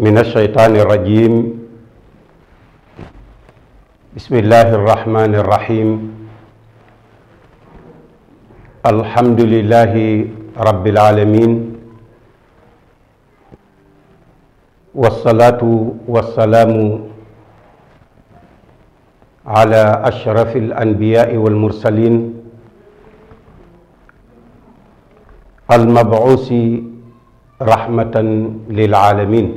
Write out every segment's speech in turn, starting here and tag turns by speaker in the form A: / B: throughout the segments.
A: من الشيطان الرجيم بسم الله الرحمن الرحيم الحمد لله رب العالمين والصلاة والسلام على أشرف الأنبياء والمرسلين المبعوث رحمة للعالمين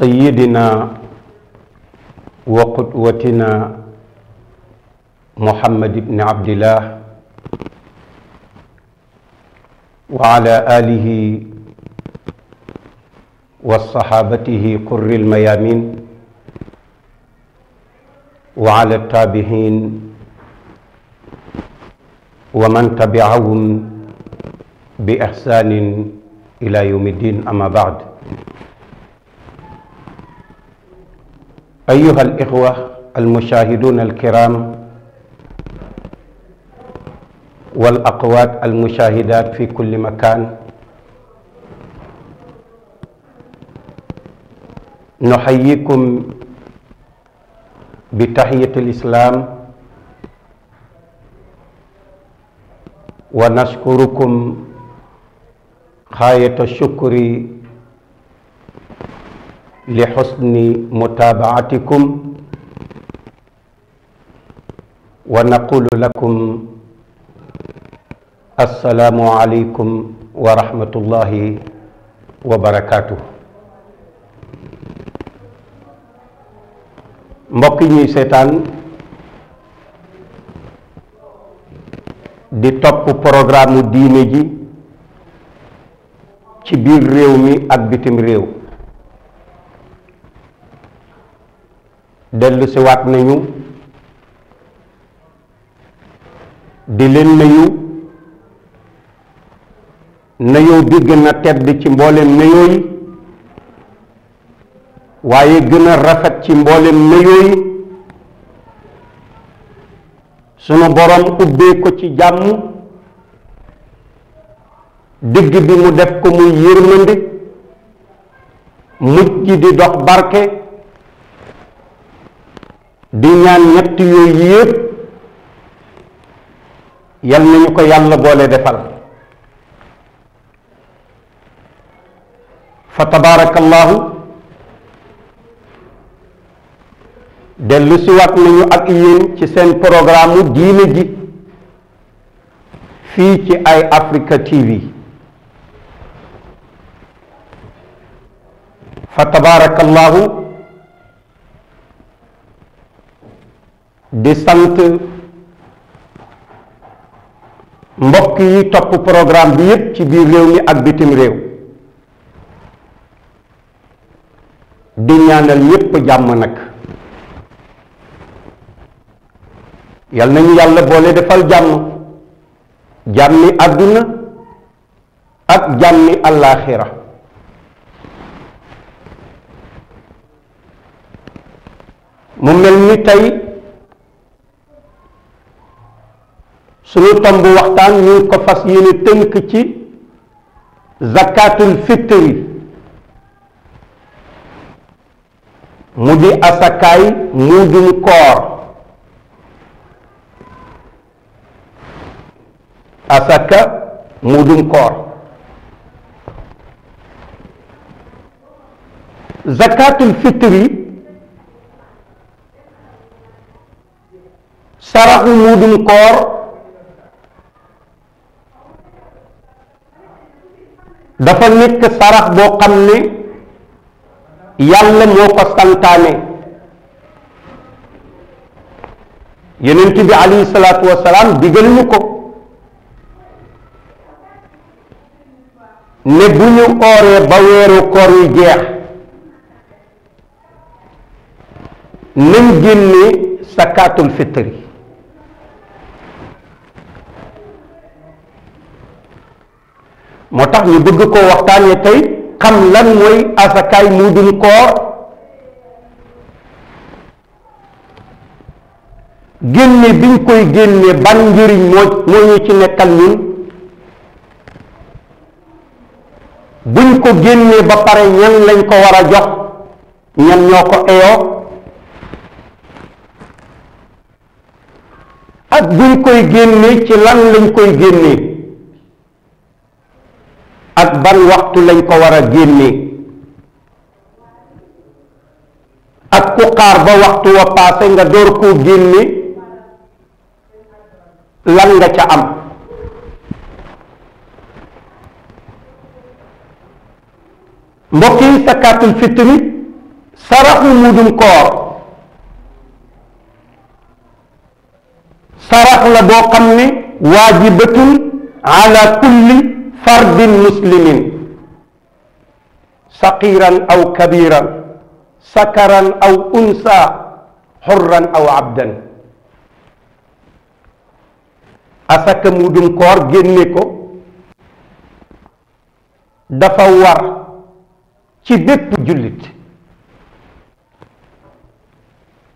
A: سيدنا وقدوتنا محمد بن عبد الله وعلى آله وصحابته قر الميامين وعلى التابعين ومن تبعهم بإحسان إلى يوم الدين أما بعد أيها الإخوة المشاهدون الكرام والأقوات المشاهدات في كل مكان نحييكم بتحية الإسلام ونشكركم غاية الشكر لحسن متابعتكم ونقول لكم السلام عليكم ورحمة الله وبركاته مبكيني سيطان دي توب برنامج ديني جي تي بير ريو مي ريو dellu si nañu di leen nuyu nuyoo bi gën a tedd ci mboolem nuyoo yi waaye gën a rafet ci mboolem nuyoo yi sunu borom ubbee ko ci jàmm digg bi mu def ko muy yërmande mujj gi di dox barke di ñaan ñett yooyu yëpp yal nañu ko yàlla boole defal fa tabaarakallaahu dellu siwaat nañu ak yéen ci seen programme diine ji fii ci ay Africa TV fa tabaarakallaahu di sant mbokk yi topp programme bi yépp ci biir réew mi ak bitim réew di ñaanal ñépp jàmm nag yal nañu yàlla boole defal jàmm jàmmi àdduna ak jàmmi àllaaxira mu mel ni tey suñu tomb waxtaan ñu ngi ko fas yéene tënk ci zakatul fitri mu di asakaay kor, koor asaka mudum koor zakatul fitri sarahu mudum kor. dafa nekk sarax boo xam ne yàlla moo ko santaane yonent bi alayhi salaatu wasalaam digal ñu ko ne bu ñu ba weeru koor yu jeex nañ génne sakaatul fitri moo tax ñu bëgg koo waxtaanee tey xam lan mooy asakaay muudum koor génne biñ koy génne ban njëriñ moo ñu ci nekkal ñun buñ ko génnee ba pare ñan lañ ko war a jox ñan ñoo ko eyoo ak buñ koy génnee ci lan lañ koy génnee ak ban waxtu lañ ko war a génnee ak ku xaar ba waxtu wa paase nga door koo génne lan ca am mbokk yi sakaatul fitri saraxu mudum koor sarax la boo xam ne ala kulli fardin muslimin saqiran au kabiran sakaran au unsa hurran au abdan Asa mudum koor génne ko dafa war ci bépp jullit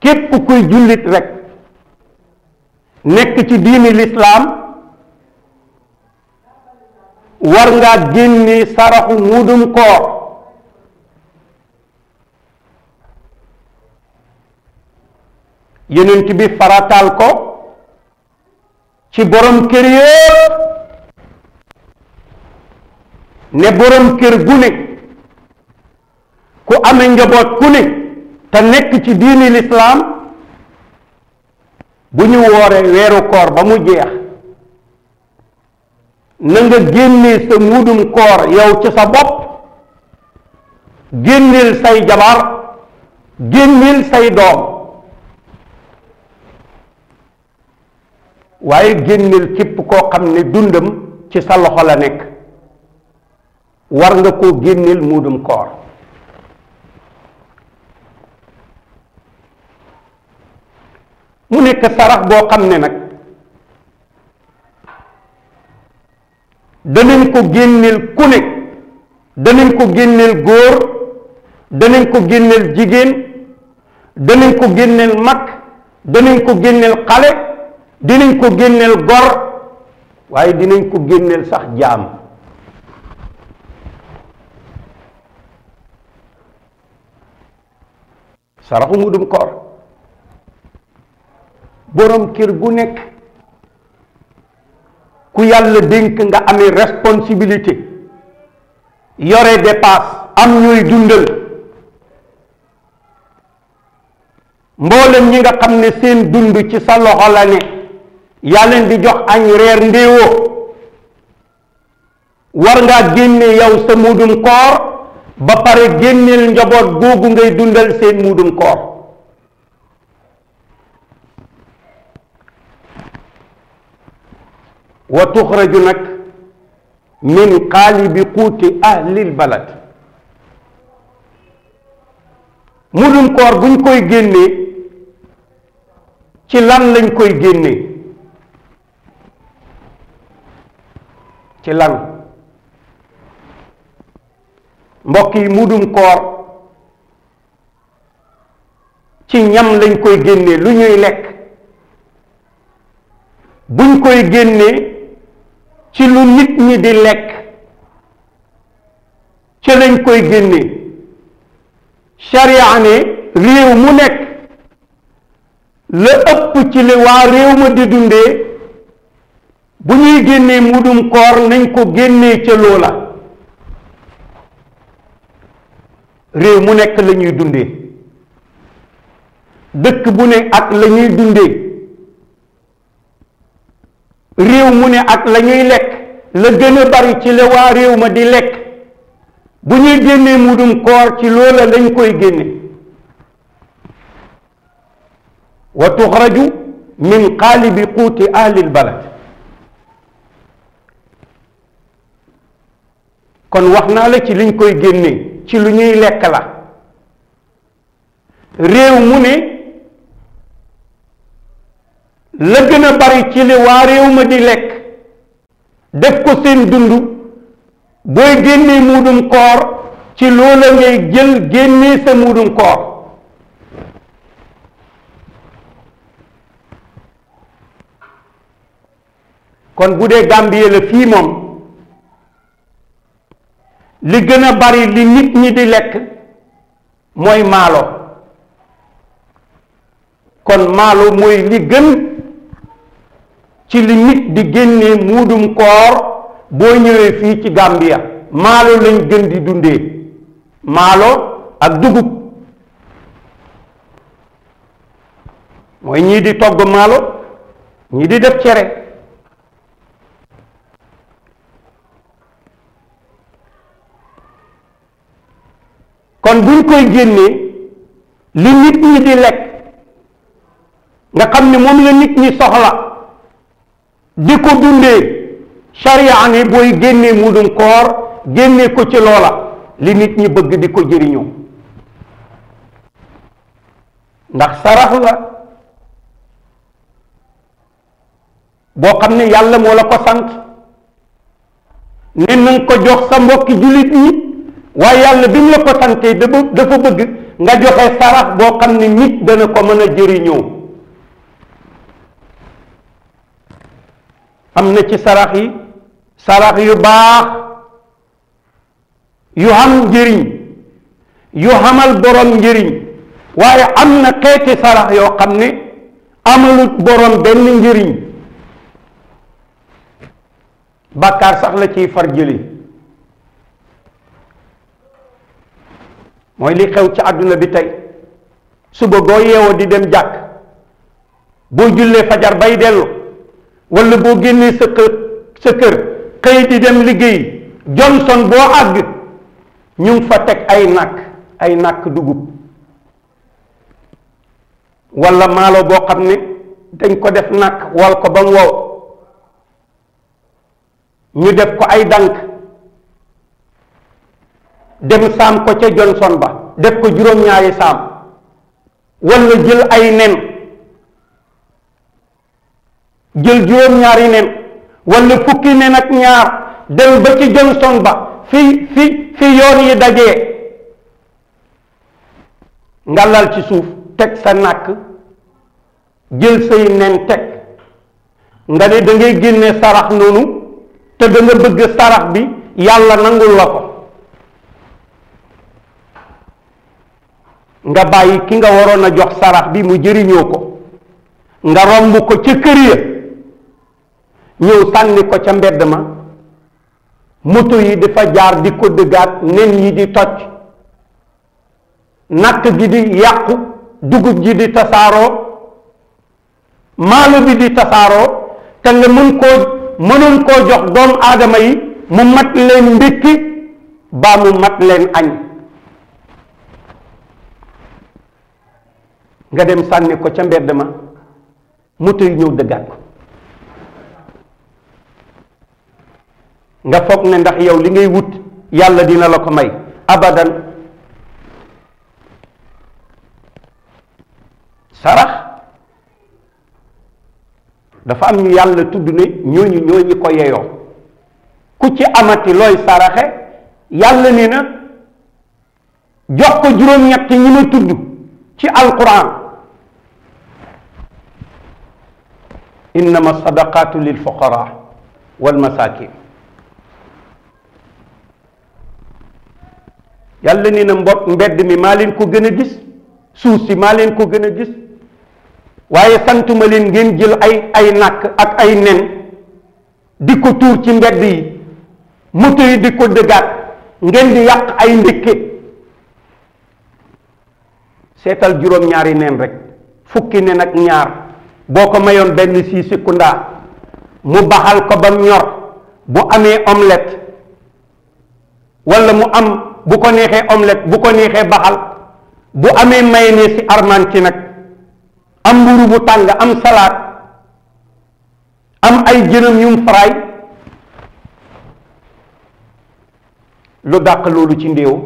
A: képp kuy rek nek ci diini lislaam war ngaa génne saraxu muudum koor yonent bi farataal ko ci borom kër yëpp ne borom kër gu ne ku amee njaboot ku ne te nekk ci diini lislaam bu ñu wooree weeru koor ba mu jeex na nga génnee sa mudum koor yow ci sa bopp génneel say jabar génneel say doom waaye génneel képp koo xam ne dundam ci sa loxo la nekk war nga koo génneel muudum koor mu nekk sarax boo xam ne nag danañ ko génneel ku ne danañ ko génneel góor danañ ko génneel jigéen danañ ko génneel mag danañ ko génneel xale dinañ ko génneel gor waaye dinañ ko génneel sax jaam saraxu mudum koor borom kër gu nekk ku yàlla dénk nga amee responsabilité yore dépasse am ñuy dundal mboolem ñi nga xam ne seen dund ci sa loxo la ne yaa di jox añ reer ndéewoo war ngaa génne yow sa muudum koor ba pare génneel njaboot googu ngay dundal seen muudum koor wa tuxraju nag min qaalibi quuti ahlil balad mudum koor buñ koy génnee ci lan lañ koy génnee ci lan mbokk yi mudum koor ci ñam lañ koy génnee lu ñuy lekk buñ koy génnee ci lu nit ñi di lekk ca lañ koy génne sharia ne réew mu nekk la ëpp ci li waa réew ma di dundee bu ñuy génnee mudum koor nañ ko génnee ca loola réew mu nekk lañuy ñuy dundee dëkk bu ne ak la ñuy dundee réew mu ne ak lañuy lekk la gën a bari ci la waa réew ma di lekk bu ñuy génnee mudum koor ci loola lañ koy génne wa tuxraju min qaalibi quuti ahlil balad kon wax naa la ci liñ koy génne ci lu ñuy lekk la réew mu ne la gën a bari ci li waa réew ma di lekk def ko seen dund booy génnee muudum koor ci loola ngay jël génnee sa muudum koor kon bu dee Gambie la fii moom li gën a bari li nit ñi di lekk mooy maalo kon maalo mooy li gën ci li di génne muudum koor boo ñëwee fii ci Gambia maalo lañ gën di dundee maalo ak dugub mooy ñii di togg maalo ñii di def cere kon buñ koy génnee li nit ñi di lekk nga xam ne moom la nit ñi soxla di ko dundee charia ne booy génnee mu mudum koor génnee ko ci loola li nit ñi bëgg di ko jëriñoo ndax sarax la boo xam ne yàlla moo la ko sant ne nanga ko jox sa mbokki jullit ñi waaye yàlla bi mu la ko santee dafa bëgg nga joxe sarax boo xam ne nit dana ko mën a jëriñoo am na ci sarax yi sarax yu baax yu am njëriñ yu xamal borom njëriñ waaye am na xeeti sarax yoo xam ne amalut borom benn njëriñ bàkkaar sax la ciy far jëli mooy li xew ci àdduna bi tey suba boo yeewoo di dem jàkk boo jullee fajar bay dellu wala boo génnee sa kër sa kër xëy di dem liggéey Johnson boo àgg ñu ngi fa teg ay nàkk ay nakk dugub wala maalo boo xam ne dañ ko def nàkk wal ko ba mu wow ñu def ko ay dànk dem saam ko ca Johnson ba def ko juróom-ñaari saam wala jël ay nen jël juróom ñaari nem, wala fukki nen ak ñaar dem ba ci Johnson ba fi fi fi yoon yi dajee nga lal ci suuf teg sa nàkk jël say nen teg nga ne da ngay génne sarax noonu te da nga bëgg sarax bi yàlla nangul la ko nga bàyyi ki nga waroon a jox sarax bi mu jëriñoo ko nga romb ko ca kër ya ñëw sànni ko ca mbedd ma moto yi di fa jaar di ko dëggaat nen yi di toj natt gi di yàqu dugub gi di tasaaroo maalo bi di tasaaroo te nga mën koo mënoon koo jox doomu aadama yi mu mat leen ndékki baa mu mat leen añ nga dem sànni ko ca mbedd ma moto yi ñëw dëggaat ko nga fokk ne ndax yow li ngay wut yàlla dina la ko may abadan sarax dafa am ñu yàlla tudd ne ñooñu ñooñu ko yeyoo ku ci amati looy saraxe yàlla ne na jox ko juróom-ñett ñi ma tudd ci alquran innama sadaqatu lil fuqara yàlla ni na mbopp mbedd mi maa leen ko gën a gis suuf si maa leen ko gën a gis waaye santuma leen ngeen jël ay ay nàkk ak ay nen di ko tuur ci mbedd yi moto yi di ko dëggaat ngeen di yàq ay ndékke seetal juróom-ñaari nen rek fukki nen ak ñaar boo ko mayoon benn sii sikkundaa mu baxal ko ba mu ñor bu amee omelette walla mu am bu ko neexee omelette bu ko neexee baxal bu amee mayonnaise ci armaan ci nag am mburu bu tàng am salade am ay jënam yum fray lu dàq loolu ci ndéew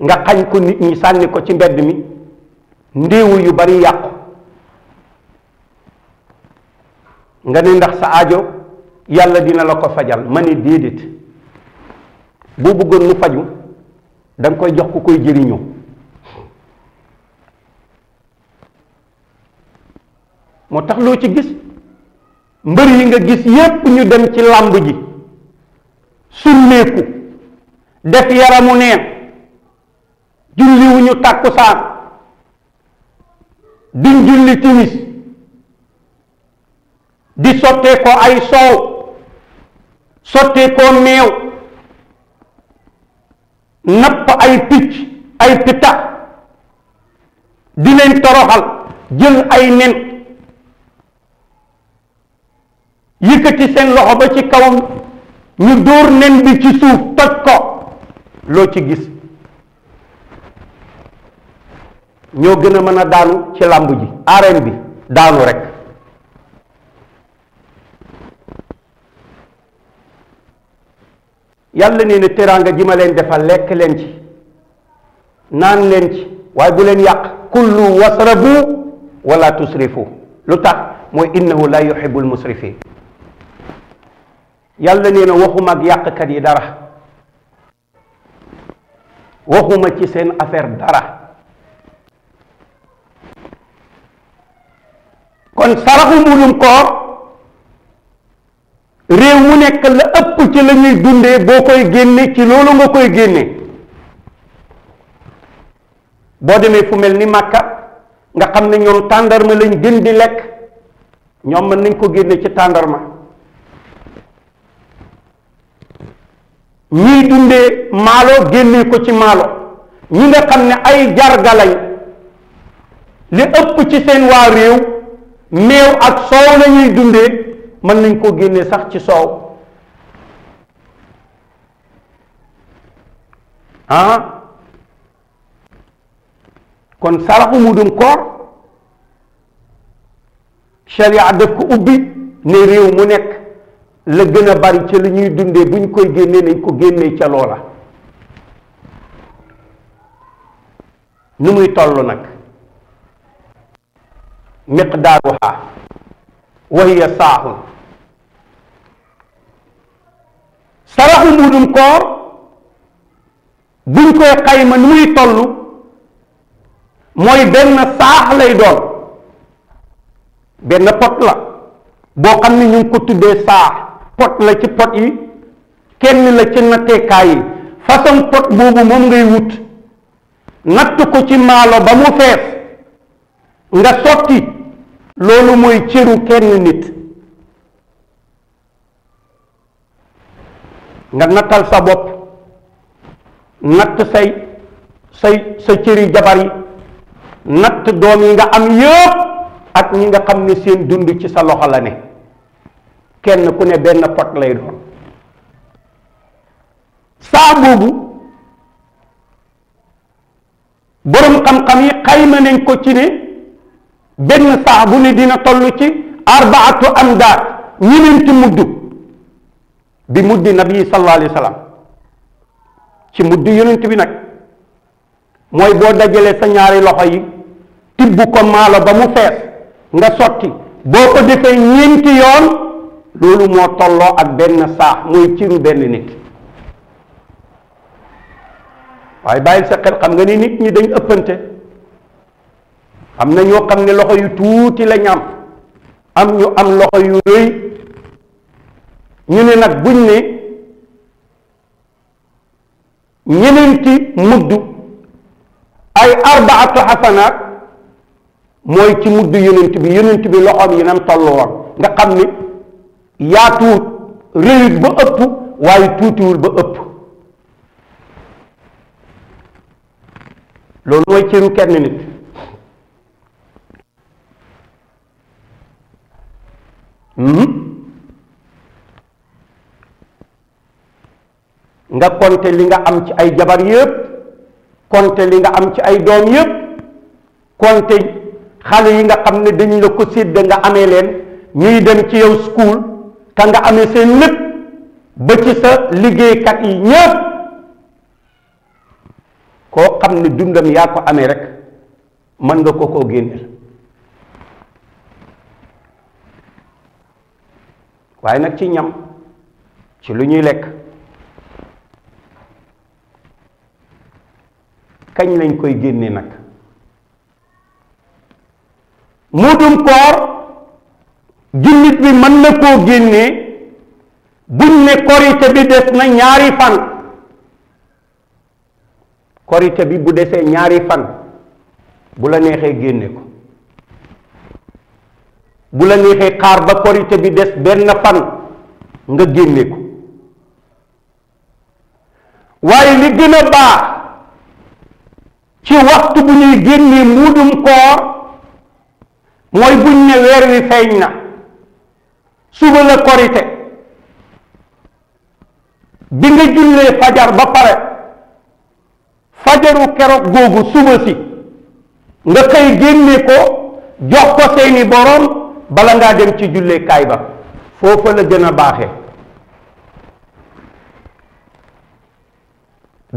A: nga xañ ko nit ñi sànni ko ci mbedd mi ndéewu yu bari yàqu nga ne ndax sa ajo yàlla dina la ko fajal ma ne déedéet boo bëggoon mu faju da nga koy jox ku koy jëriñu moo tax loo ci gis mbër yi nga gis yépp ñu dem ci lamb ji summeeku def yaramu neen julliwuñu tàkkusaan duñ julli timis di sottee ko ay soow sottee ko meew napp ay picc ay pitta di leen toroxal jël ay nen yëkkati seen loxo ba ci kawam ñu dóor nen bi ci suuf toj ko loo ci gis ñoo gën a mën a daanu ci làmb ji arène bi daanu rek yàlla neena teranga jima len defal lek len ci nan len ci way bu len yak kullu wasrabu wala tusrifu lutax moy innahu la yuhibbul musrifin yàlla neena waxuma ak yak kat yi dara waxuma ci sen affaire dara kon saraxu mulum koor réew mu nekk la ëpp ci la ñuy dundee boo koy génne ci loolu nga koy génne boo demee fu mel ni Màkka nga xam ne ñoom tàndarma lañ gën di lekk ñoom mën nañ ko génne ci tàndarma ñuy dunde maalo génne ko ci maalo ñu nga xam ne ay jarga lañ li ëpp ci seen waa réew meew ak soow lañuy ñuy mën nañ koo génnee sax ci soow ah kon saraxu mudum koor sharia daf ko ubbi ne réew mu nekk la gën a bari ci li ñuy dundee bu ñu koy génnee nañ ko génnee ca loola nu muy toll nag miqdaaruha wahiya saaxun saraxu mbuudum koor buñ koy xayma nu muy toll mooy benn saax lay doon benn pot la boo xam ne ñu ngi ko tuddee saax pot la ci pot yi kenn la ci natteekaay yi façon pot boobu moom ngay wut natt ko ci maalo ba mu fees nga sotti loolu mooy cëru kenn nit nga nattal sa bopp natt say say sa cëri jabar yi natt doom yi nga am yëpp ak ñi nga xam ne seen dund ci sa loxo la ne kenn ku ne benn pot lay doon saa boobu boroom xam-xam yi xayma nañ ko ci ne benn saax bu ne dina toll ci arbaatu amdaat ñeneenti mudd bi muddi nabi sallallahu alayhi ci mudd yonent bi nag mooy boo dajalee sa ñaari loxo yi tibb ko maalo ba mu fees nga sotti boo ko defee ñeenti yoon loolu moo tolloo ak benn saax mooy ciru benn nit waaye bàyyil sa xel xam nga ni nit ñi dañ ëppante am na ñoo xam ne loxo yu tuuti lañ am am ñu am loxo yu rëy ñu ne nag buñ ne ñeneenti mudd ay arbaatu xasanaat mooy ci mudd yonent bi yonent bi loxoom yi nam toll woon nga xam ne yaatuwut réyut ba ëpp waaye tuutiwul ba ëpp loolu mooy cëru kenn nit Hmm? nga compter li nga am ci ay jabar yëpp compter li nga am ci ay doom yëpp compter xale yi nga xam ne dañ la ko sédd nga amee leen ñuy dem ci yow school te nga amee seen lépp ba ci sa liggéeykat yi ñëpp koo xam ni dundam yaa ko amee rekk mën nga ko koo génneel waaye nag ci ñam ci lu ñuy lekk kañ lañ koy génne nag muudum koor jullit bi mën na koo génne buñ ne korite bi des na ñaari fan korite bi bu desee ñaari fan bu la neexee génne ko bu la neexee xaar ba korité bi des benn fan nga génne ko waaye li gën a baax ci waxtu bu ñuy génnee muudum koor mooy buñ ne weer wi feeñ na suba la korité bi nga jullee fajar ba pare fajaru keroog googu suba si nga koy génne ko jox ko seeni boroom bala ngaa dem ci julleekaay ba foofa la gën a baaxe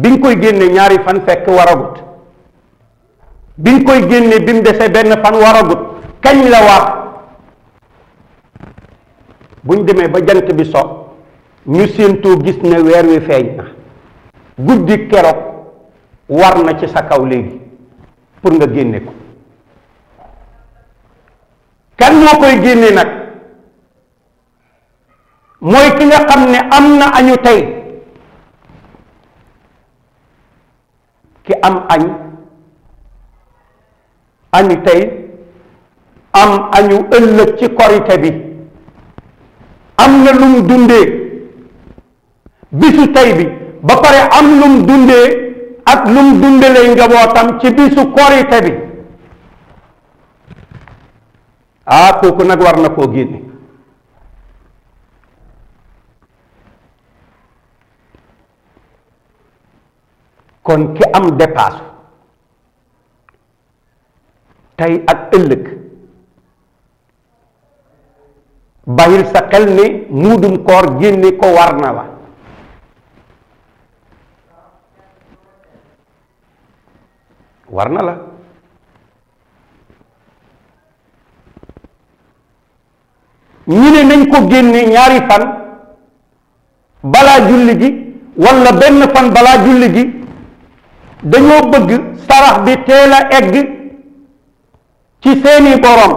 A: bi nga koy génne ñaari fan fekk waragut bi nga koy génne bi mu desee benn fan waragut kañ la wax buñ demee ba jant bi so ñu séentoo gis ne weer wi feeñ na guddi keroog war na ci sa kaw léegi pour nga génne ko kan moo koy génne nag mooy ki nga xam ne am na añu tey ki am añ añu tey am añu ëllëg ci korite bi am na lum dundee bisu tey bi ba pare am lum dundee ak lum dundalee njabootam ci bisu korite bi ah kooku nag war na koo génne kon ki am dépasse tey ak ëllëg bàyyil sa xel ne muudum koor génne ko war na la war na la ñu ne nañ ko génne ñaari fan balaa julli gi walla benn fan balaa julli gi dañoo bëgg sarax bi teel a egg ci seeni borom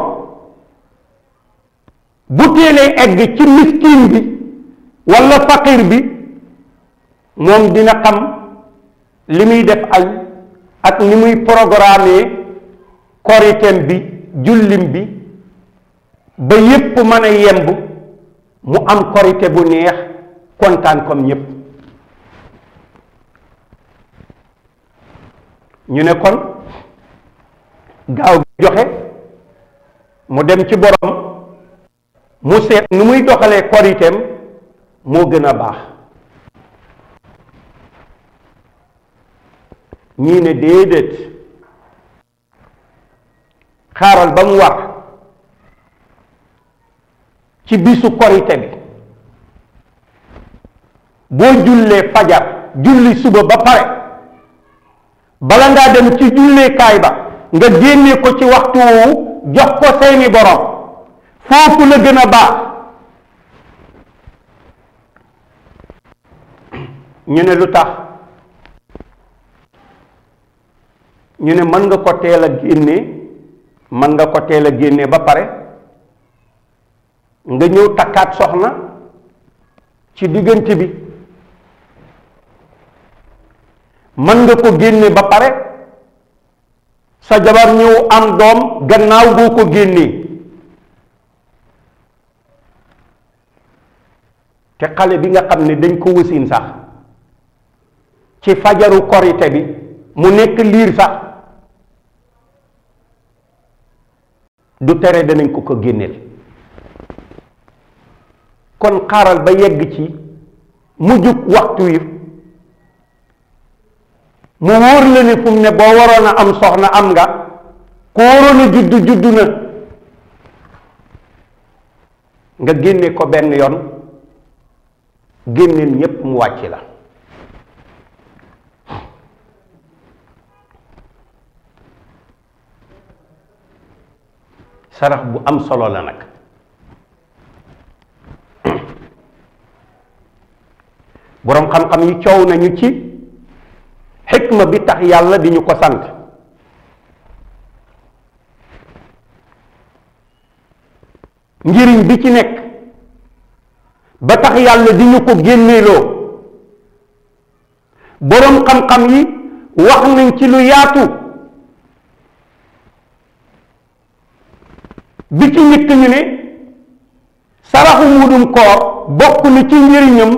A: bu teelee egg ci miskin bi walla faqir bi moom dina xam li muy def añ ak ni muy programme koriteem bi jullim bi ba yépp mën a yemb mu am korite bu neex kontaan comme ñépp ñu ne kon gaaw gi joxe mu dem ci borom mu seet nu muy doxalee koriteem moo gën a baax ñii ne déedéet xaaral ba mu war ci bisu korite bi boo jullee fajar julli suba ba pare bala ngaa dem ci julleekaay ba nga génne ko ci waxtu woowu jox ko seeni borom foofu la gën a baax ñu ne lu tax ñu ne mën nga ko teel a génne mën nga ko teel a génnee ba pare nga ñëw takkaat soxna ci diggante bi mën nga ko génne ba pare sa jabar ñëw am doom gannaaw boo ko génnee te xale bi nga xam ne dañ ko wësin sax ci fajaru korite bi mu nekk liir sax du tere danañ ko ko génneel kon xaaral ba yegg ci mujjug waxtu wi mu wóor la ne boo waroon a am soxna am nga ku waroon a juddu juddu na nga génne ko benn yoon génneel ñépp mu wàcc la sarax bu am solo la nag boroom xam-xam yi coow nañu ci xikma bi tax yàlla di ñu ko sant njëriñ bi ci nekk ba tax yàlla di ñu ko génneeloo boroom xam-xam yi wax nañ ci lu yaatu bi ci njëkk ñu ne saraxu mudum koor bokk na ci njëriñam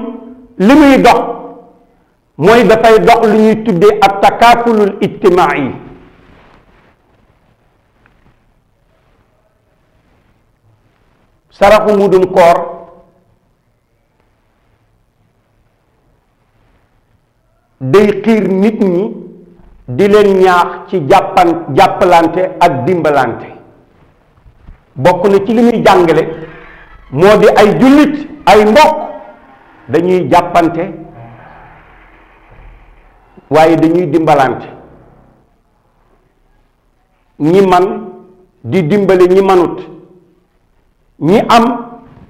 A: li muy dox mooy dafay dox lu ñuy tuddee ab takaafulul yi saraxu mudum koor day xiir nit ñi di leen ñaax ci jàppan jàppalante ak dimbalante bokk na ci li muy jàngale moo di ay jullit ay mbokk dañuy jàppante waaye dañuy dimbalante ñi man di dimbale ñi manut ñi am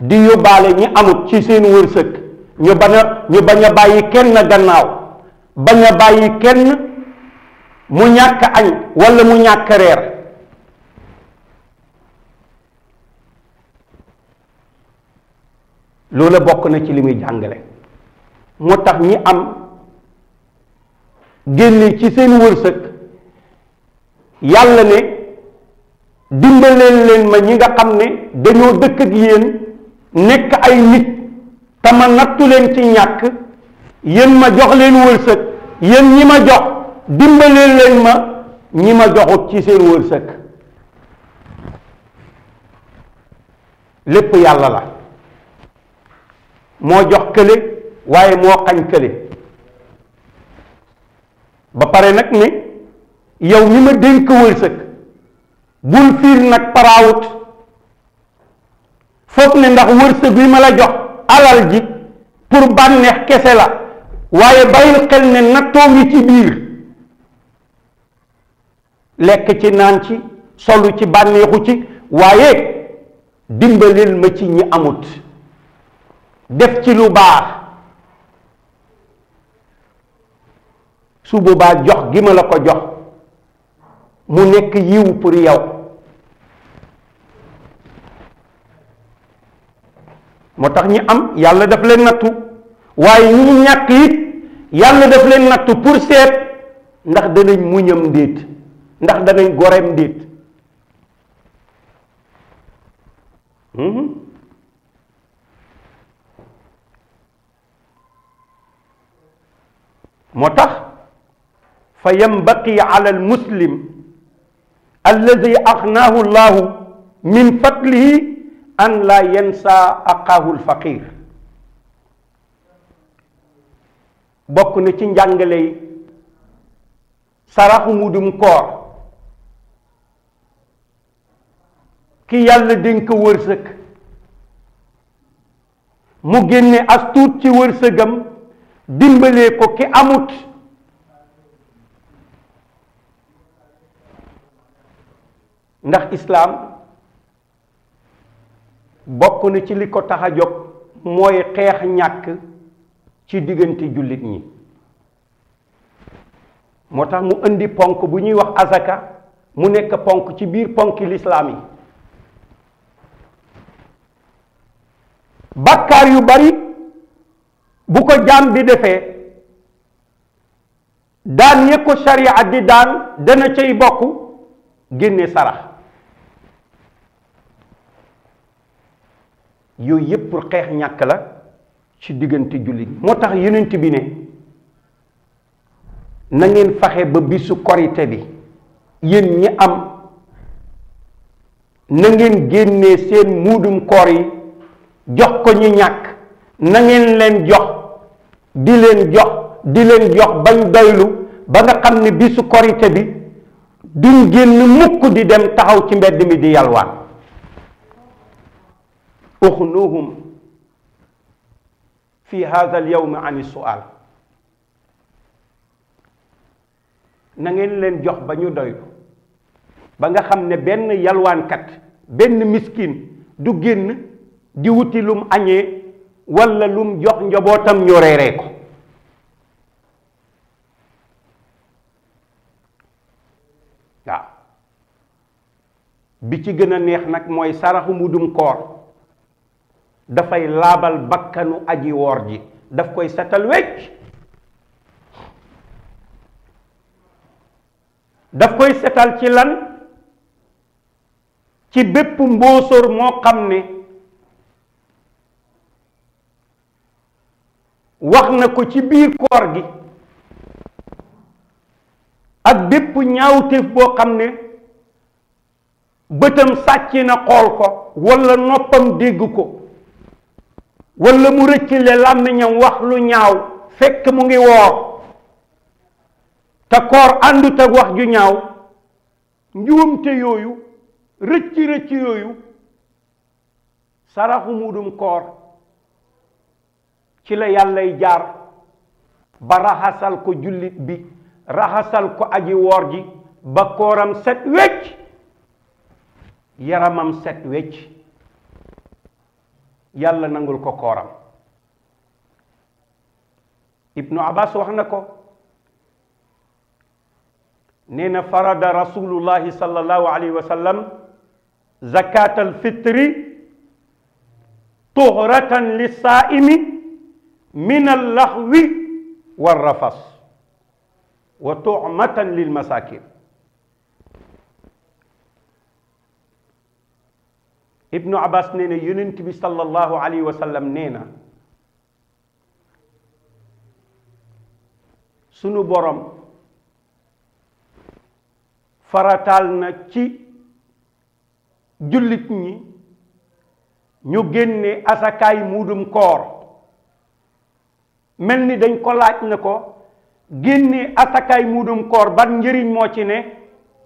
A: di yóbbaale ñi amut ci seen wërsëg ñu bañ a ñu bañ a bàyyi kenn gannaaw bañ a bàyyi kenn mu ñàkk añ walla mu ñàkk reer loola bokk na ci li muy jàngale moo tax ñi am génne ci seen wërsëg yàlla ne dimbaleen leen ma ñi nga xam ne dañoo dëkk ak yéen nekk ay nit te ma nattu leen ci ñàkk yéen ma jox leen wërsëg yéen ñi ma jox dimbaleen leen ma ñi ma joxut ci seen wërsëg lépp yàlla la moo jox kële waaye moo xañ kële ba pare nag ne yow mi ma dénk wërsëg bul fiir nag paraawut foog ne ndax wërsëg wi ma la jox alal ji pour bànneex kese la waaye bàyyil xel ne nattoo ngi ci biir lekk ci naan ci solu ci bànneexu ci waaye dimbalil ma ci ñi amut def ci lu baax su boobaa jox gi ma la ko jox mu nekk yiw pour yow moo tax ñi am yàlla daf leen nattu waaye ñi ñàkk it yàlla daf leen nattu pour seet ndax danañ muñam ndéet ndax danañ goreem ndéet hmm? moo tax fa yanbaqi ala al muslim alladi aghnaahu llahu min fadlihi an la yansa aqaahu alfaqir bokk na ci njàngaley saraxu mudum koor ki yàlla dénk wërsëg mu génne as tuut ci wërsëgam dimbalee ko ki amut ndax islaam bokk na ci li ko tax a jóg mooy xeex ñàkk ci diggante jullit ñi moo tax mu indi ponk bu ñuy wax azaka mu nekk ponk ci biir ponki lislaam yi bàkkaar yu bari bu ko jaam bi defee daan yëg ko sharia di daan dana cay bokk génne sarax yooyu yëpp xeex ñàkk la ci diggante jullit moo tax yonent bi ne nangeen ngeen faxe ba bisu korite bi yéen ñi am na ngeen génnee seen muudum koor yi jox ko ñi ñàkk na ngeen leen jox di leen jox di leen jox bañ doylu ba nga xam ne bisu korite bi duñ génn mukk di dem taxaw ci mbedd mi di yalwaan uxnuhum fi hada al yawm an sual na ngeen leen jox ba ñu doylu ba nga xam ne benn yalwaankat benn miskin du génn di wuti lum añee walla lum jox njabootam ñu reeree ko bi ci gën a neex nag mooy saraxu mudum koor dafay laabal bakkanu aji woor ji daf koy setal wecc daf koy setal ci lan ci bépp mbóosóor moo xam ne wax na ko ci biir koor gi ak bépp ñaawteef boo xam ne bëtam sàcc na xool ko walla noppam dégg ko walla mu rëccale làmmiñam wax lu ñaaw fekk mu ngi woor te koor àndut ak wax ju ñaaw njuumte yooyu rëcc rëcc yooyu saraxu mudum koor ci la yàllay jaar ba raxasal ko jullit bi raxasal ko aji woor ji ba kooram set wecc yaramam set wecc yàlla nangul ko kooram ibnu abbas wax na ko nee na farada الله sallallahu alayhi wa sallam zakat alfitri tuhratan من اللهو والرفص وطعمة للمساكين ابن عباس نينا يننتبي صلى الله عليه وسلم نينا سنو بورم فراتالنا تي جلتني ني ني مودم كور mel ni dañ ko laaj ne ko génne asakaay muudum koor ban njëriñ moo ci ne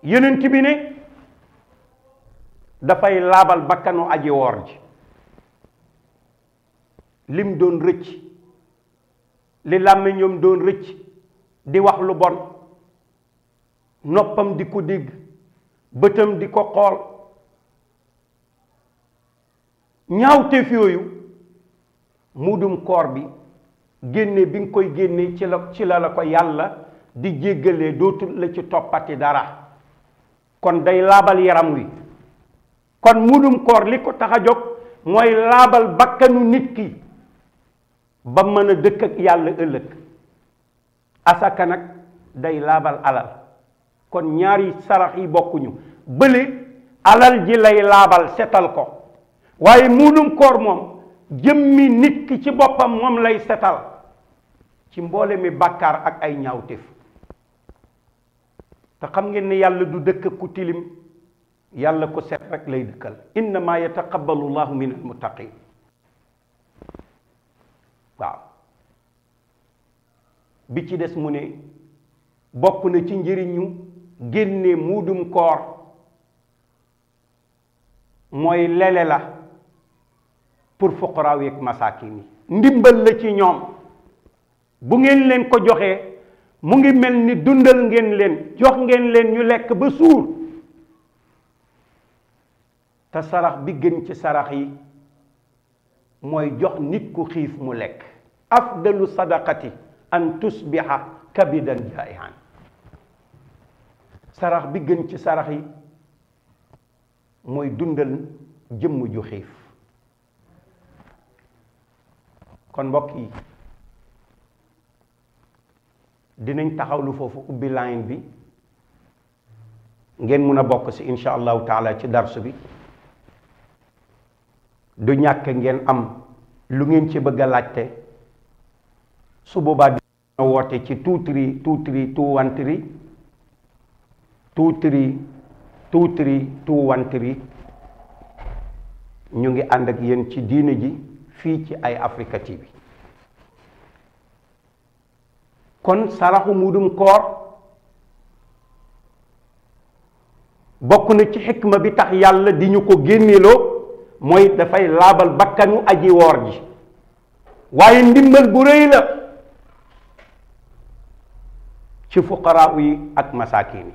A: yenent bi ne dafay laabal bakkanu aji woor ji lim doon rëcc li làmmiñoom doon rëcc di wax lu bon noppam di ko dégg bëtam di ko xool ñaawteef yooyu muudum koor bi génne bi nga koy génnee ci la ci la la ko yàlla di jéggalee dootul la ci toppati dara kon day laabal yaram wi kon mudum koor li ko tax a jóg mooy laabal bakkanu nit ki ba mën a dëkk ak yàlla ëllëg asaka nag day laabal alal kon ñaari sarax yi bokkuñu bële alal ji lay laabal setal ko waaye mudum koor moom jëmmi nit ki ci boppam moom lay setal ci mboole mi bàkkaar ak ay ñaawteef te xam ngeen ne yàlla du dëkk ku tilim yàlla ko set rek lay dëkkal innama yataqabbalu llahu min almuttaqin waaw bi ci des mu ne bokk na ci njariñu génne muudum koor mooy lele la pour fuqaraaw yeeg masaakin yi ndimbal la ci ñoom bu ngeen leen ko joxee mu ngi mel ni dundal ngeen leen jox ngeen leen ñu lekk ba suur te sarax bi gën ci sarax yi mooy jox nit ku xiif mu lekk afdalu sadaqati an tusbiha kabidan jaa'ihan sarax bi gën ci sarax yi mooy dundal jëmm ju xiif kon mbokk yi dinañ taxaw lu foofu ubbi line bi ngeen mun a bokk si incha allahu taala ci darsu bi du ñàkk ngeen am lu ngeen ci bëgg a laajte su boobaa dina woote ci two three two three two one three two three two one three ñu ngi ànd ak yéen ci diine ji fii ci ay Africa bi kon saraxu mudum koor bokk na ci xikma bi tax yàlla di ñu ko génneeloo mooy dafay laabal bakkanu aji woor ji waaye ndimbal bu rëy la ci fuqaraa yi ak masaakin yi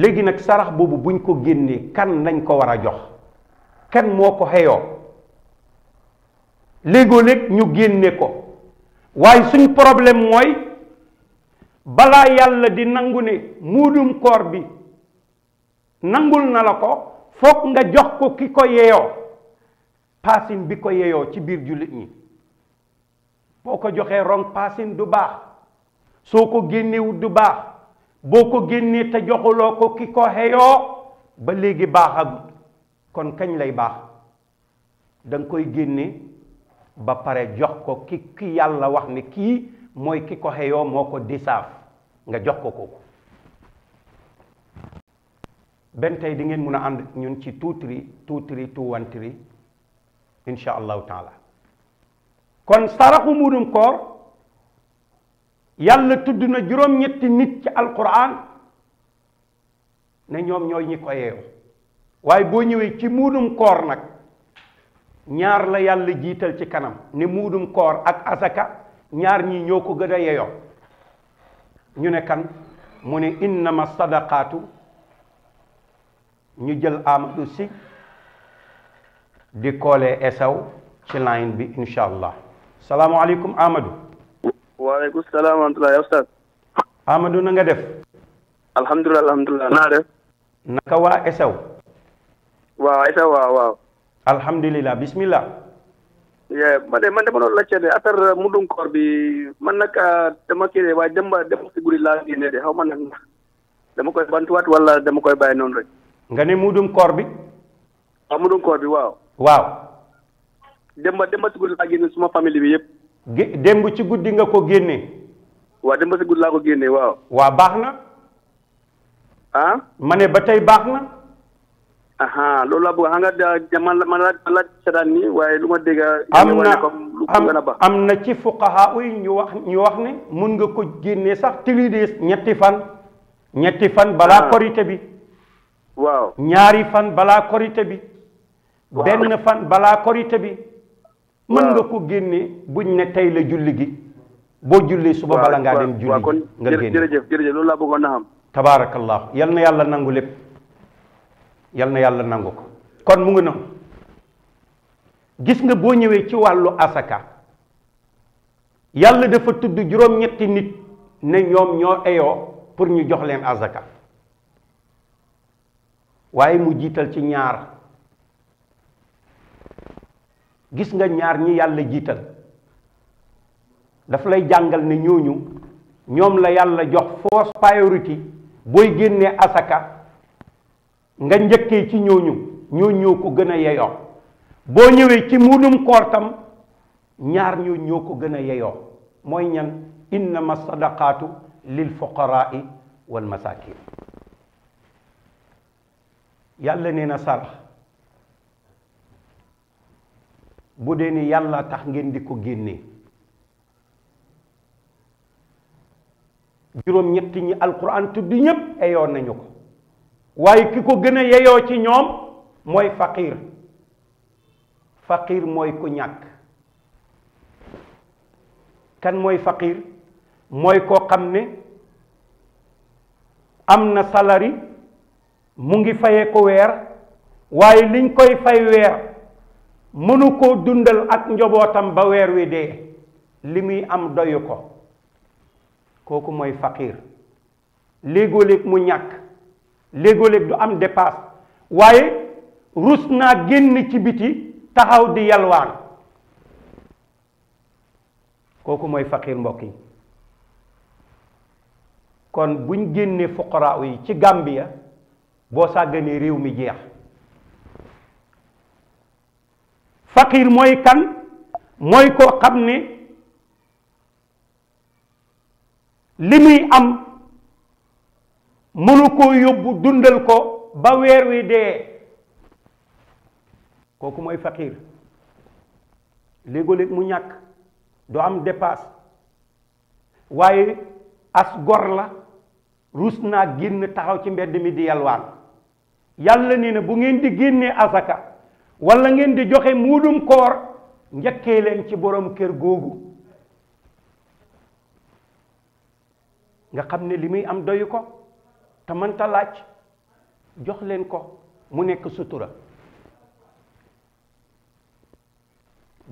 A: léegi nag sarax boobu buñ ko génnee kan lañ ko war a jox kan moo ko xeyoo Lego nek ñu génné ko waaye suñ problème mooy bala yàlla di nangu ne muudum koor bi nangul na la ko foog nga jox ko ki ko yeyoo paasin bi ko yeyoo ci biir jullit ñi boo ko joxee rong paasin du baax soo ko génnewut du baax boo ko génnee te joxuloo ko ki ko ba kon kañ lay baax da koy génnee ba pare jox ko ki ki yàlla wax ni kii mooy ki ko xeyoo moo ko disaaf nga jox ko ko benn tey di ngeen mun a ànd ñun ci tuutiri tuutiri tuwantiri insha allahu taala kon saraxu mburum koor yàlla tudd na juróom-ñetti nit ci alquran ne ñoom ñooy ñi ko waaye boo ñëwee ci mburum koor nag ñaar la yàlla jiital ci kanam ni muudum koor ak asaka ñaar ñi ñoo ko gën a yeyoo ñu ne kan mu ne ma sadaqaatu ñu jël Amadou si di koolee esaw ci line bi incha allah salaamualeykum Amadou. waaleykum salaam wa rahmatulah ustaz. def. alhamdulilah naa def. naka waa esaw. waaw esaw waaw waaw. alhamdulillah bismillah ye made mande mono atar affaire muɗum korbi man nak dama kire wa demba dem ci guri laaɗine de haw man nak dama koy wat wala dama koy baye non rek nga ne muɗum korbi waaw muɗum korbi waw waaw demba demba ci guri laa génne suma famille bi yëpp démb ci guddi nga ko génne wa démb ci guddi la ko génne waw wa baxna ah mané batay baxna loolu laa bëgg xam nga man man la waaye lu ma dégg. am na am na ci fuqaha uy ñu wax ñu wax ne mun nga ko génne sax tilidees ñetti fan. ñetti fan balaa korite bi. waaw ñaari fan balaa korite bi. benn fan balaa korite bi. mën nga ko génnee buñ ne tey la julli gi. boo jullee suba bala ngaa dem. julli gi nga génne waaw kon jërëjëf jërëjëf loolu laa bëggoon na xam. tabaarakallah yal na yàlla nangu lépp. yal na yàlla nangu ko kon mu ngi noonu gis nga boo ñëwee ci wàllu asaka yàlla dafa tudd juróom-ñetti nit ne ñoom ñoo eyoo pour ñu jox leen asaka waaye mu jiital ci ñaar gis nga ñaar ñi yàlla jiital dafa lay jàngal ne ñooñu ñoom la yàlla jox force priorité booy génnee asaka nga njëkkee ci ñooñu ñooñu ñoo ko gën a yeyoo boo ñëwee ci muudum koor ñaar ñooñu ñoo ko gën a yeyoo mooy ñan innama sadaqaatu lil fuqaraai wal masakin yàlla nee na sarax bu dee ni yàlla tax ngeen di ko génnee juróom ñetti ñi alquran tudd ñépp eyoon nañu ko waaye ki ko gën a yeyoo ci ñoom mooy faqir fakiir mooy ku ñàkk kan mooy faqir mooy koo xam ne am na salari mu ngi fayee ko weer waaye liñ koy fay weer mënu koo dundal ak njobootam ba weer wi dee li muy am doyu ko kooku mooy fakiir léegoo léeg mu ñàkk léegoo-léeg du am dépasse waaye rus naa génn ci biti taxaw di yalwaan kooku mooy faqiir mbokk yi kon buñ génnee fuqaraaw yi ci Gambia boo sàgganee réew mi jeex fakiir mooy kan mooy koo xam ne li muy am mënu koo yóbbu dundal ko ba weer wi dee kooku mooy faqiir léegoo-léeg mu ñàkk doo am dépasse waaye as gor la ruus naa génn taxaw ci mbedd mi di yalwaan yàlla nee na bu ngeen di génnee asaka walla ngeen di joxe muudum koor njëkkee leen ci borom kër googu nga xam ne li muy am doyu ko te mënta laaj jox leen ko mu nekk sutura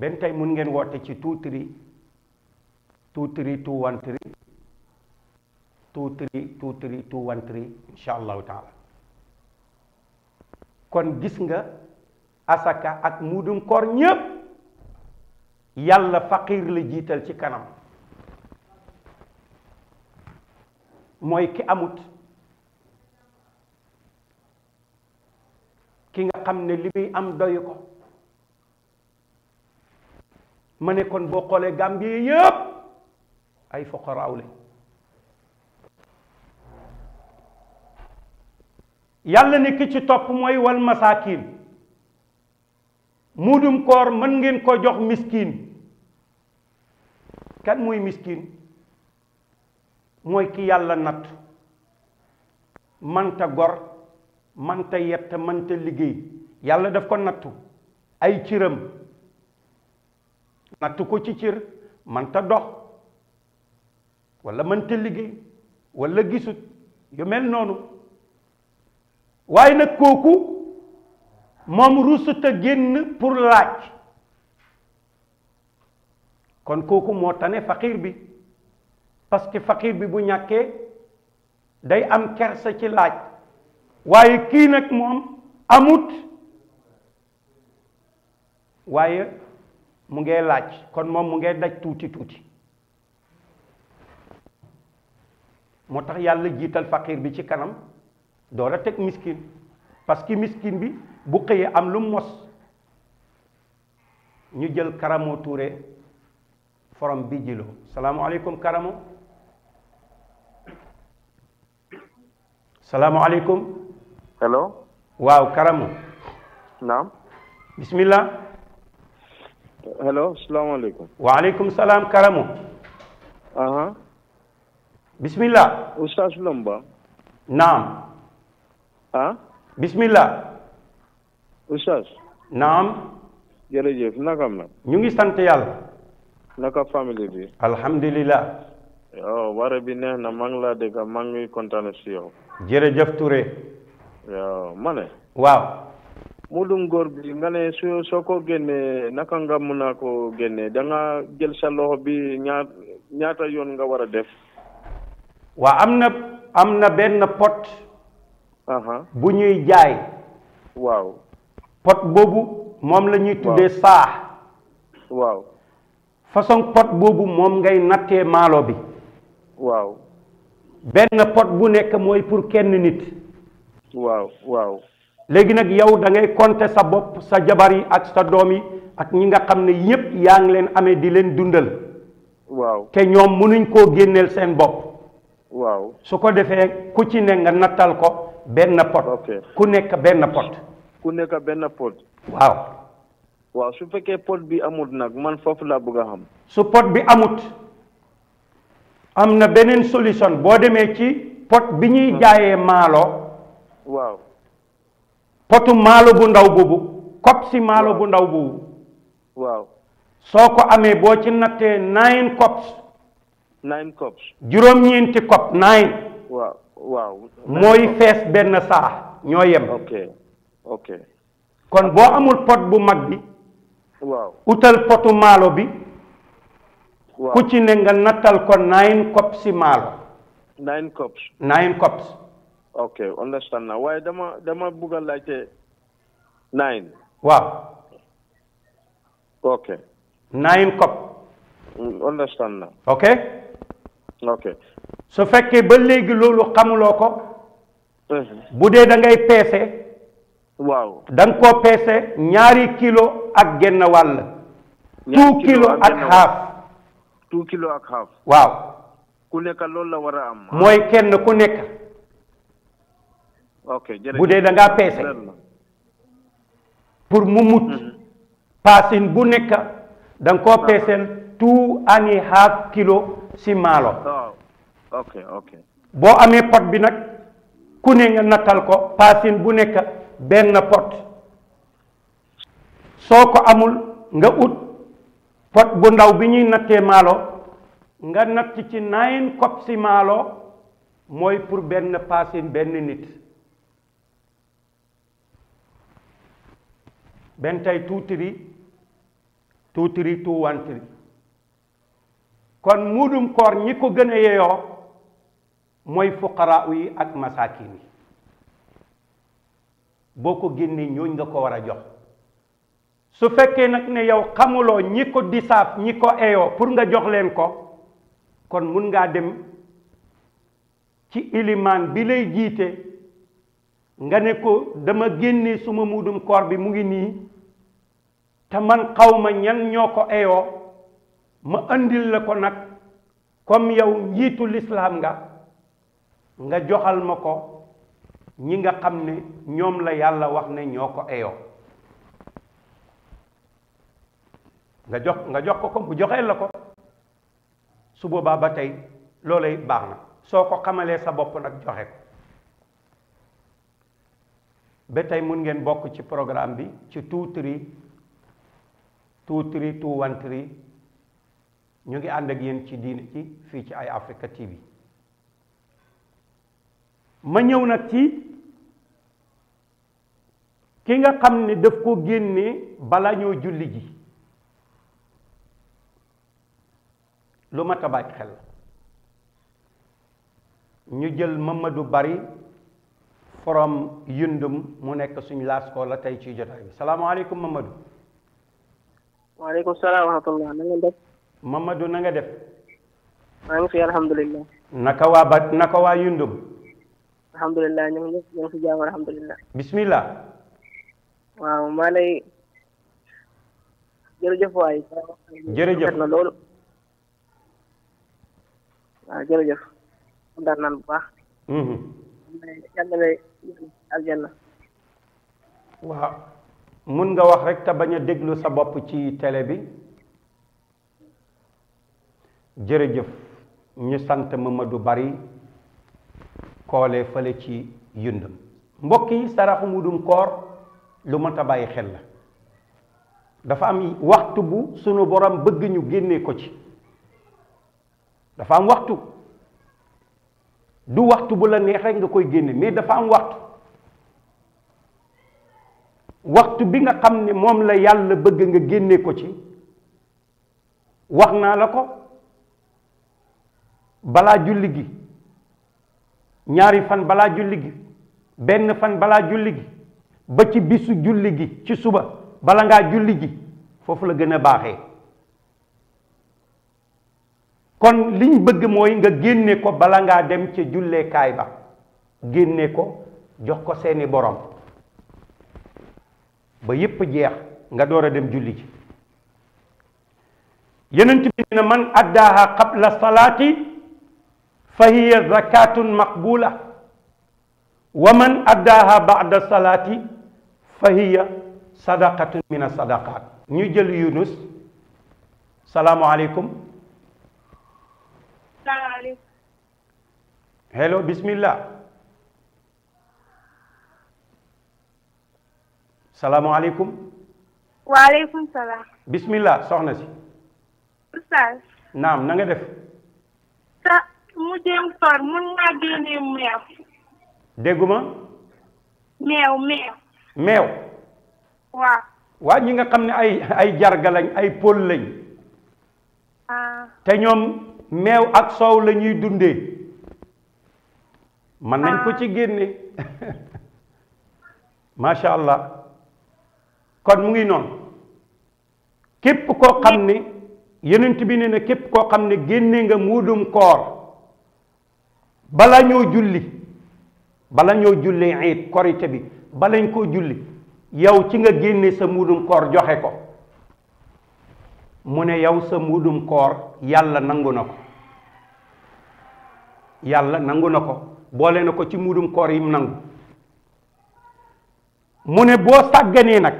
A: benn tey mun ngeen woote ci two three two three two one three two three two one three insha allahu taala kon gis nga asaka ak muudum koor ñépp yàlla faqiir la jiital ci kanam mooy ki amut ki nga xam ne li muy am doy ko ma ne kon boo xoolee Gambie yëpp ay foqaraaw lañ yàlla ne ki ci topp mooy wal masaakin muudum koor mën ngeen ko jox miskin kan muy miskin mooy ki yàlla natt manta gor man manta yett manta liggéey yàlla def ko nattu ay ciram nattu ko ci cër manta dox wala manta liggéey walla gisut yu mel noonu waaye nag kooku moom rusut génn pour laaj kon kooku moo tane faqiir bi parce que faqiir bi bu ñàkkee day am kersa ci laaj waaye kii nag moom amut waaye mu ngee laaj kon moom mu ngee daj tuuti tuuti moo tax yàlla jiital faqir bi ci kanam doo a teg miskin parce que miskin bi bu xëyee am lu mos ñu jël karamo tuure forom bi jiloo salaamaaleykum karamo salaamaaleykum hello waaw karamu naam bismillah hello salaamaaleykum waaleykum salaam karamu aha bismillah oustaz Lomba naam ah bismillah oustaz naam jërëjëf nakam nag ñu ngi sant yàlla naka famille bi alhamdulilah waaw wara bi neex na maa ngi laa dégg maa ngi kontaan si yow jërëjëf Touré waaw ma ne. waaw. mudum góor bi nga ne su soo ko génnee naka nga mën a ko génnee da jël sa loxo bi ñaata yoon nga war a def. waaw am na am na benn pot. bu ñuy jaay. waaw. pot boobu moom lañuy tuddee saa. waaw. façon pot boobu moom ngay nattee maalo bi. waaw. benn pot bu nekk mooy pour kenn nit. waaw waaw. léegi nag yow dangay ngay sa bopp sa jabar yi ak sa doom yi ak ñi nga xam ne yépp yaa ngi leen amee di leen dundal. waaw te ñoom nuñ koo génneel seen bopp. waaw su ko defee ku ci ne nga nattal ko benn pot. nekk benn pot. ku nekk benn pot. waaw. su fekkee pot bi amut nag man foofu laa bëgg a xam. su pot bi amut am na beneen solution boo demee ci pot bi ñuy jaayee maalo. waaw
B: potu maalo bu ndaw
A: boobu kop si maalo bu ndaw boobu waaw soo ko amee boo ci nattee nine cops nine cops juróom-ñeenti cop nine waaw waaw mooy fees benn saa ñoo yem ok ok kon boo amul pot bu mag bi waaw utal potu maalo bi ku ci ne nga nattal ko nine cops si maalo nine cops nine cops ok understand waaye dama dama bugg a laajte nine. waaw. ok. nine cop. Mm, ok. ok. su fekkee ba léegi loolu xamuloo ko. Mm-hmm.
B: bu dee da ngay
A: peese. waaw da koo peese ñaari kilo ak genn wàll. ñaari two kilo ak half. two kilo ak half. waaw. ku nekk loolu la war a am. mooy kenn ku nekk. bu dee da ngaa peese pour mu mut mm-hmm. paasin bu nekk danga nga koo peeseel two and half kilo si maalo boo amee pot bi nag ku ne nga nattal ko paasin bu nekk benn pot soo ko amul nga ut pot bu ndaw bi ñuy nattee maalo nga natt ci nine cup si maalo mooy pour benn paasin benn nit benn tey 2 3 2 3 2 1 3 kon muudum koor ñi ko gën a yeyoo mooy fuqaraa yi ak masaakin yi boo ko génnee ñooñ nga ko war a jox su fekkee nag ne yow xamuloo ñi ko disaaf ñi ko eyoo pour nga jox leen ko kon mun ngaa dem ci ilimaan bi lay jiite nga ne ko dama génne suma muudum koor bi mu ngi nii te man xawma ñan ñoo ko eyoo ma andil la ko nag comme yow njiitu lislaam nga nga joxal ma ko ñi nga xam ne ñoom la yàlla wax ne ñoo ko eyoo nga jox nga jox ko ko mu joxee la ko su boobaa ba tey loolay baax na soo ko xamalee sa bopp nag joxe ba tey mun ngeen bokk ci programme bi ci two three two three two one three ñu ngi ànd ak yéen ci diine ci fii ci Eye Africa TV ma ñëw na ci ki nga xam ne daf ko génne bala ñoo julli ji lu ma tabaaj xel ñu jël Mamadou Bari From yundum mu nek suñu last call la tay ci jotay bi alaykum mamadou salam wa rahmatullah na nga def mamadou na nga def ma ngi fi alhamdulillah naka wa bat, naka wa yundum alhamdulillah ñu ngi ñu fi jaam alhamdulillah bismillah Wa ma lay way jere jef na wa jere jef kontaan nan bu baax mhm. yàlla lay aljanna waaw mun nga wax rek te bañ a déglu sa bopp ci télé bi jërëjëf ñu sant Mamadou Bari koole fële ci yundam mbokk yi saraxu mudum koor lu mat a bàyyi xel la dafa am waxtu bu sunu borom bëgg ñu génnee ko ci dafa am waxtu du waxtu bu la neex rek nga koy génne mais dafa am waxtu waxtu bi nga xam ne moom la yàlla bëgg nga génne ko ci wax naa la ko balaa julli gi ñaari fan balaa julli gi benn fan balaa julli gi ba ci bisu julli gi ci suba bala ngaa julli gi foofu la gën a kon liñ bëgg mooy nga génne ko bala ngaa dem ca julleekaay ba génne ko jox ko seeni borom ba yépp jeex nga door a dem julli ci yenent bi ne man addaaha qabla salaati fa hiya zakatun maqbula wa man addaaha ba'da salaati fa hiya sadaqatun min as ñu jël yunus salaamu aleykum Hello, bismillah. Assalamualaikum. Waalaikumsalam. bismillah soxna si. oustaz. naam na nga def. sa mu jéem soor mun naa génnee meew. dégguma. meew meew. meew. waaw. Wa ñi nga xam ay ay jarga lañ ay pol lañ. Ah. te ñoom mew ak soow la dundé man nañ ko ah. ci génne macha allah kon mu ngi non képp koo xam ne yenent bi ne na képp koo xam ne génne nga muudum koor bala ñoo julli bala ñoo julli iit korite bi balañ koo julli yow ci nga génne sa muudum koor joxe ko mu ne yow sa mudum koor yàlla nangu na ko yàlla nangu na ko boole na ko ci mudum koor yim nangu mu ne boo sàgganee nag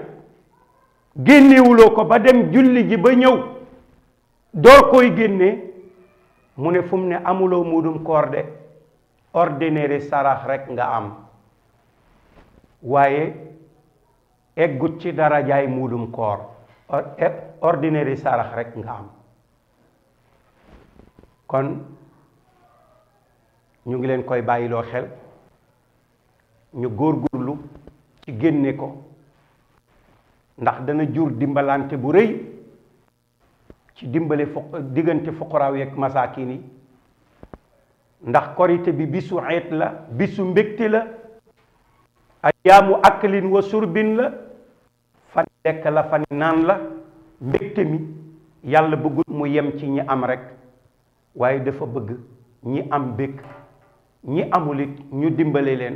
A: génnewuloo ko ba dem julli ji ba ñëw door koy génnee mu ne fum ne amuloo mudum koor de ordinaire sarax rekk nga am waaye eggut ci darajaay mudum koor eh, Ordinary sarax rek nga am kon ñu ngi leen koy lo xel ñu gorlu ci genné ko ndax dana jur dimbalante bu reuy ci dimbalé fuk, digënté fuqara kori masakini ndax korité bi bisu ait la bisu mbekté la ayaamu aklin wa surbin la fan lekk la fan nan la mbégte mi yàlla bëggul mu yem ci ñi am rek waaye dafa bëgg ñi am bëgg ñi amulit ñu dimbale leen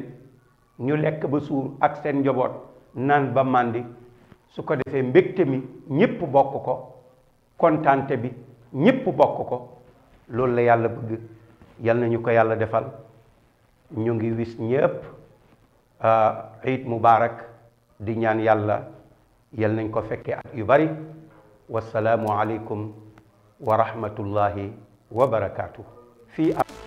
A: ñu lekk ba suur ak seen njaboot naan ba màndi su ko defee mbégte mi ñépp bokk ko kontante bi ñépp bokk ko loolu la yàlla bëgg yal nañu ko yàlla defal ñu ngi wis ñépp iid ah, mubaarak di ñaan yàlla yal nañ ko fekkee at yu bari والسلام عليكم ورحمة الله وبركاته في